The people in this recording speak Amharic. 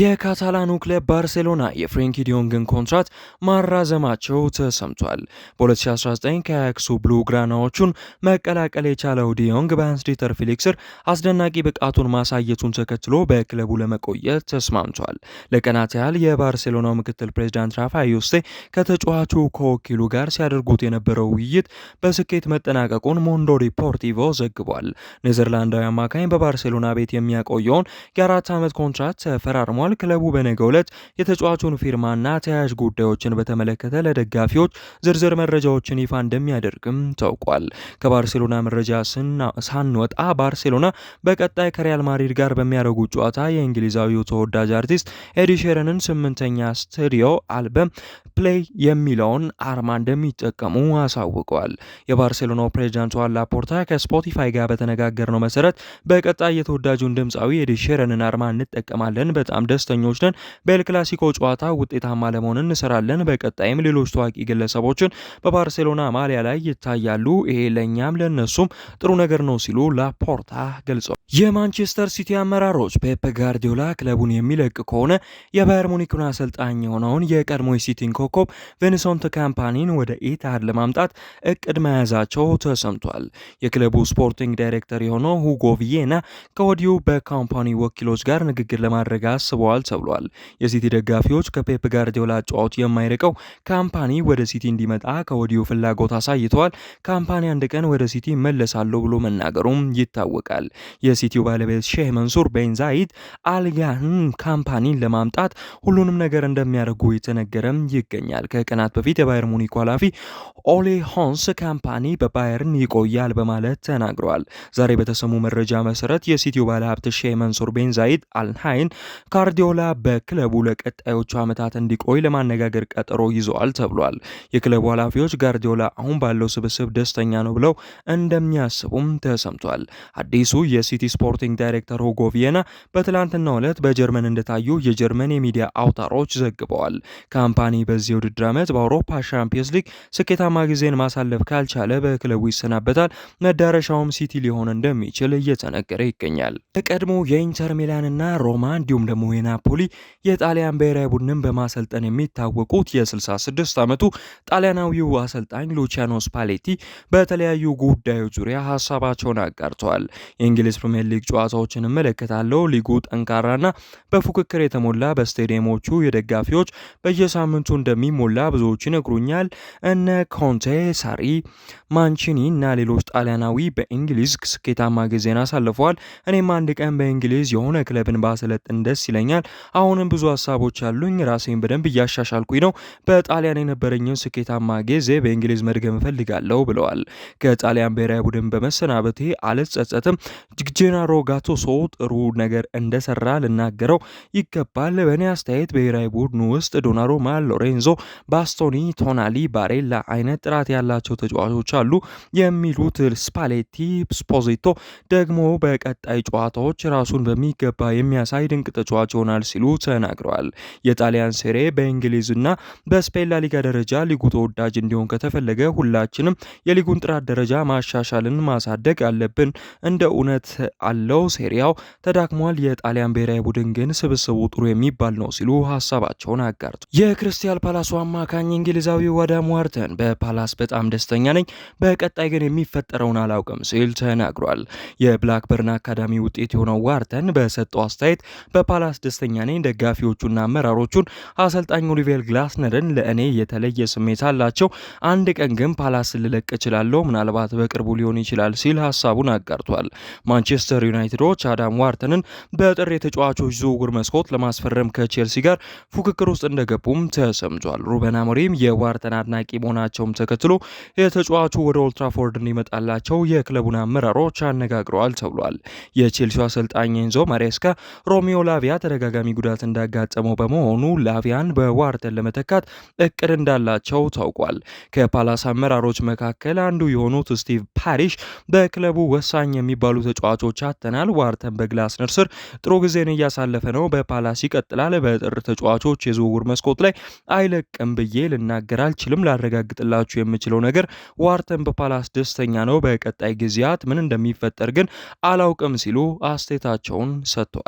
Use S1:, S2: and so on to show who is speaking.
S1: የካታላኑ ክለብ ባርሴሎና የፍሬንኪ ዲዮንግን ኮንትራት ማራዘማቸው ተሰምቷል። በ2019 ከአያክሱ ብሉ ግራናዎቹን መቀላቀል የቻለው ዲዮንግ በሃንስ ዲተር አስደናቂ ብቃቱን ማሳየቱን ተከትሎ በክለቡ ለመቆየት ተስማምቷል። ለቀናት ያህል የባርሴሎናው ምክትል ፕሬዚዳንት ራፋ ዮስቴ ከተጫዋቹ ከወኪሉ ጋር ሲያደርጉት የነበረው ውይይት በስኬት መጠናቀቁን ሞንዶ ሪፖርቲቮ ዘግቧል። ኔዘርላንዳዊ አማካኝ በባርሴሎና ቤት የሚያቆየውን የአራት ዓመት ኮንትራት ተፈራርሞ ፈርሟል። ክለቡ በነገ ዕለት የተጫዋቹን ፊርማና ተያያዥ ጉዳዮችን በተመለከተ ለደጋፊዎች ዝርዝር መረጃዎችን ይፋ እንደሚያደርግም ታውቋል። ከባርሴሎና መረጃ ሳንወጣ ባርሴሎና በቀጣይ ከሪያል ማድሪድ ጋር በሚያደርጉ ጨዋታ የእንግሊዛዊው ተወዳጅ አርቲስት ኤዲሼረንን ስምንተኛ ስቱዲዮ አልበም ፕሌይ የሚለውን አርማ እንደሚጠቀሙ አሳውቀዋል። የባርሴሎናው ፕሬዚዳንት ዋን ላፖርታ ከስፖቲፋይ ጋር በተነጋገርነው መሰረት በቀጣይ የተወዳጁን ድምፃዊ ኤዲሼረንን አርማ እንጠቀማለን በጣም ደስተኞች ነን። በኤል ክላሲኮ ጨዋታ ውጤታማ ለመሆን እንሰራለን። በቀጣይም ሌሎች ታዋቂ ግለሰቦችን በባርሴሎና ማሊያ ላይ ይታያሉ። ይሄ ለእኛም ለእነሱም ጥሩ ነገር ነው ሲሉ ላፖርታ ገልጸዋል። የማንቸስተር ሲቲ አመራሮች ፔፕ ጋርዲዮላ ክለቡን የሚለቅ ከሆነ የባየር ሙኒክን አሰልጣኝ የሆነውን የቀድሞ የሲቲን ኮከብ ቬንሰንት ካምፓኒን ወደ ኢታድ ለማምጣት እቅድ መያዛቸው ተሰምቷል። የክለቡ ስፖርቲንግ ዳይሬክተር የሆነው ሁጎ ቪዬና ከወዲሁ በካምፓኒ ወኪሎች ጋር ንግግር ለማድረግ አስበ አስበዋል ተብሏል። የሲቲ ደጋፊዎች ከፔፕ ጋርዲዮላ ጨዋቱ የማይርቀው ካምፓኒ ወደ ሲቲ እንዲመጣ ከወዲሁ ፍላጎት አሳይተዋል። ካምፓኒ አንድ ቀን ወደ ሲቲ መለሳለሁ ብሎ መናገሩም ይታወቃል። የሲቲው ባለቤት ሼህ መንሱር ቤንዛይድ አልያህን ካምፓኒን ለማምጣት ሁሉንም ነገር እንደሚያደርጉ የተነገረም ይገኛል። ከቀናት በፊት የባየር ሙኒክ ኃላፊ ኦሌ ሆንስ ካምፓኒ በባየርን ይቆያል በማለት ተናግረዋል። ዛሬ በተሰሙ መረጃ መሰረት የሲቲው ባለሀብት ሼህ መንሱር ቤንዛይድ አልሃይን ጓርዲዮላ በክለቡ ለቀጣዮቹ ዓመታት እንዲቆይ ለማነጋገር ቀጠሮ ይዘዋል ተብሏል። የክለቡ ኃላፊዎች ጓርዲዮላ አሁን ባለው ስብስብ ደስተኛ ነው ብለው እንደሚያስቡም ተሰምቷል። አዲሱ የሲቲ ስፖርቲንግ ዳይሬክተር ሁጎ ቪየና በትላንትናው ዕለት በጀርመን እንደታዩ የጀርመን የሚዲያ አውታሮች ዘግበዋል። ካምፓኒ በዚህ የውድድር ዓመት በአውሮፓ ሻምፒየንስ ሊግ ስኬታማ ጊዜን ማሳለፍ ካልቻለ በክለቡ ይሰናበታል። መዳረሻውም ሲቲ ሊሆን እንደሚችል እየተነገረ ይገኛል። የቀድሞ የኢንተር ሚላንና ሮማ እንዲሁም ደግሞ ናፖሊ የጣሊያን ብሔራዊ ቡድንን በማሰልጠን የሚታወቁት የ66 ዓመቱ ጣሊያናዊው አሰልጣኝ ሉቺያኖ ስፓሌቲ በተለያዩ ጉዳዮች ዙሪያ ሀሳባቸውን አጋርተዋል። የእንግሊዝ ፕሪምየር ሊግ ጨዋታዎችን እመለከታለሁ። ሊጉ ጠንካራና በፉክክር የተሞላ በስቴዲየሞቹ የደጋፊዎች በየሳምንቱ እንደሚሞላ ብዙዎች ይነግሩኛል። እነ ኮንቴ፣ ሳሪ፣ ማንቺኒ እና ሌሎች ጣሊያናዊ በእንግሊዝ ስኬታማ ጊዜን አሳልፈዋል። እኔም አንድ ቀን በእንግሊዝ የሆነ ክለብን ባሰለጥን ደስ ይለኛል ይገኛል። አሁንም ብዙ ሀሳቦች አሉኝ ራሴን በደንብ እያሻሻልኩኝ ነው። በጣሊያን የነበረኝን ስኬታማ ጊዜ በእንግሊዝ መድገም እፈልጋለሁ ብለዋል። ከጣሊያን ብሔራዊ ቡድን በመሰናበቴ አልጸጸትም። ጄናሮ ጋቶሶ ጥሩ ነገር እንደሰራ ልናገረው ይገባል። በእኔ አስተያየት ብሔራዊ ቡድኑ ውስጥ ዶናሩማ፣ ሎሬንዞ፣ ባስቶኒ፣ ቶናሊ፣ ባሬላ አይነት ጥራት ያላቸው ተጫዋቾች አሉ የሚሉት ስፓሌቲ ስፖዚቶ ደግሞ በቀጣይ ጨዋታዎች ራሱን በሚገባ የሚያሳይ ድንቅ ተጫዋች ይሆናል ሲሉ ተናግረዋል። የጣሊያን ሴሬ በእንግሊዝና በስፔን ላሊጋ ደረጃ ሊጉ ተወዳጅ እንዲሆን ከተፈለገ ሁላችንም የሊጉን ጥራት ደረጃ ማሻሻልን ማሳደግ አለብን። እንደ እውነት አለው ሴሪያው ተዳክሟል። የጣሊያን ብሔራዊ ቡድን ግን ስብስቡ ጥሩ የሚባል ነው ሲሉ ሀሳባቸውን አጋርቱ። የክርስቲያል ፓላሱ አማካኝ እንግሊዛዊ ዋዳም ዋርተን በፓላስ በጣም ደስተኛ ነኝ፣ በቀጣይ ግን የሚፈጠረውን አላውቅም ሲል ተናግሯል። የብላክበርን አካዳሚ ውጤት የሆነው ዋርተን በሰጠው አስተያየት በፓላስ በማድረስ ደስተኛ ነኝ። ደጋፊዎቹና አመራሮቹን አሰልጣኝ ኦሊቬር ግላስነርን ለእኔ የተለየ ስሜት አላቸው። አንድ ቀን ግን ፓላስ ልለቅ እችላለሁ፣ ምናልባት በቅርቡ ሊሆን ይችላል ሲል ሀሳቡን አጋርቷል። ማንቸስተር ዩናይትዶች አዳም ዋርተንን በጥር የተጫዋቾች ዝውውር መስኮት ለማስፈረም ከቼልሲ ጋር ፉክክር ውስጥ እንደገቡም ተሰምቷል። ሩበን አሞሪም የዋርተን አድናቂ መሆናቸውም ተከትሎ የተጫዋቹ ወደ ኦልትራፎርድ እንዲመጣላቸው የክለቡን አመራሮች አነጋግረዋል ተብሏል። የቼልሲው አሰልጣኝ ኤንዞ ማሬስካ ሮሚዮ ላቪያ በተደጋጋሚ ጉዳት እንዳጋጠመው በመሆኑ ላቪያን በዋርተን ለመተካት እቅድ እንዳላቸው ታውቋል። ከፓላስ አመራሮች መካከል አንዱ የሆኑት ስቲቭ ፓሪሽ በክለቡ ወሳኝ የሚባሉ ተጫዋቾች አተናል። ዋርተን በግላስነር ስር ጥሩ ጊዜን እያሳለፈ ነው። በፓላስ ይቀጥላል። በጥር ተጫዋቾች የዝውውር መስኮት ላይ አይለቅም ብዬ ልናገር አልችልም። ላረጋግጥላችሁ የምችለው ነገር ዋርተን በፓላስ ደስተኛ ነው። በቀጣይ ጊዜያት ምን እንደሚፈጠር ግን አላውቅም ሲሉ አስተያየታቸውን ሰጥተዋል።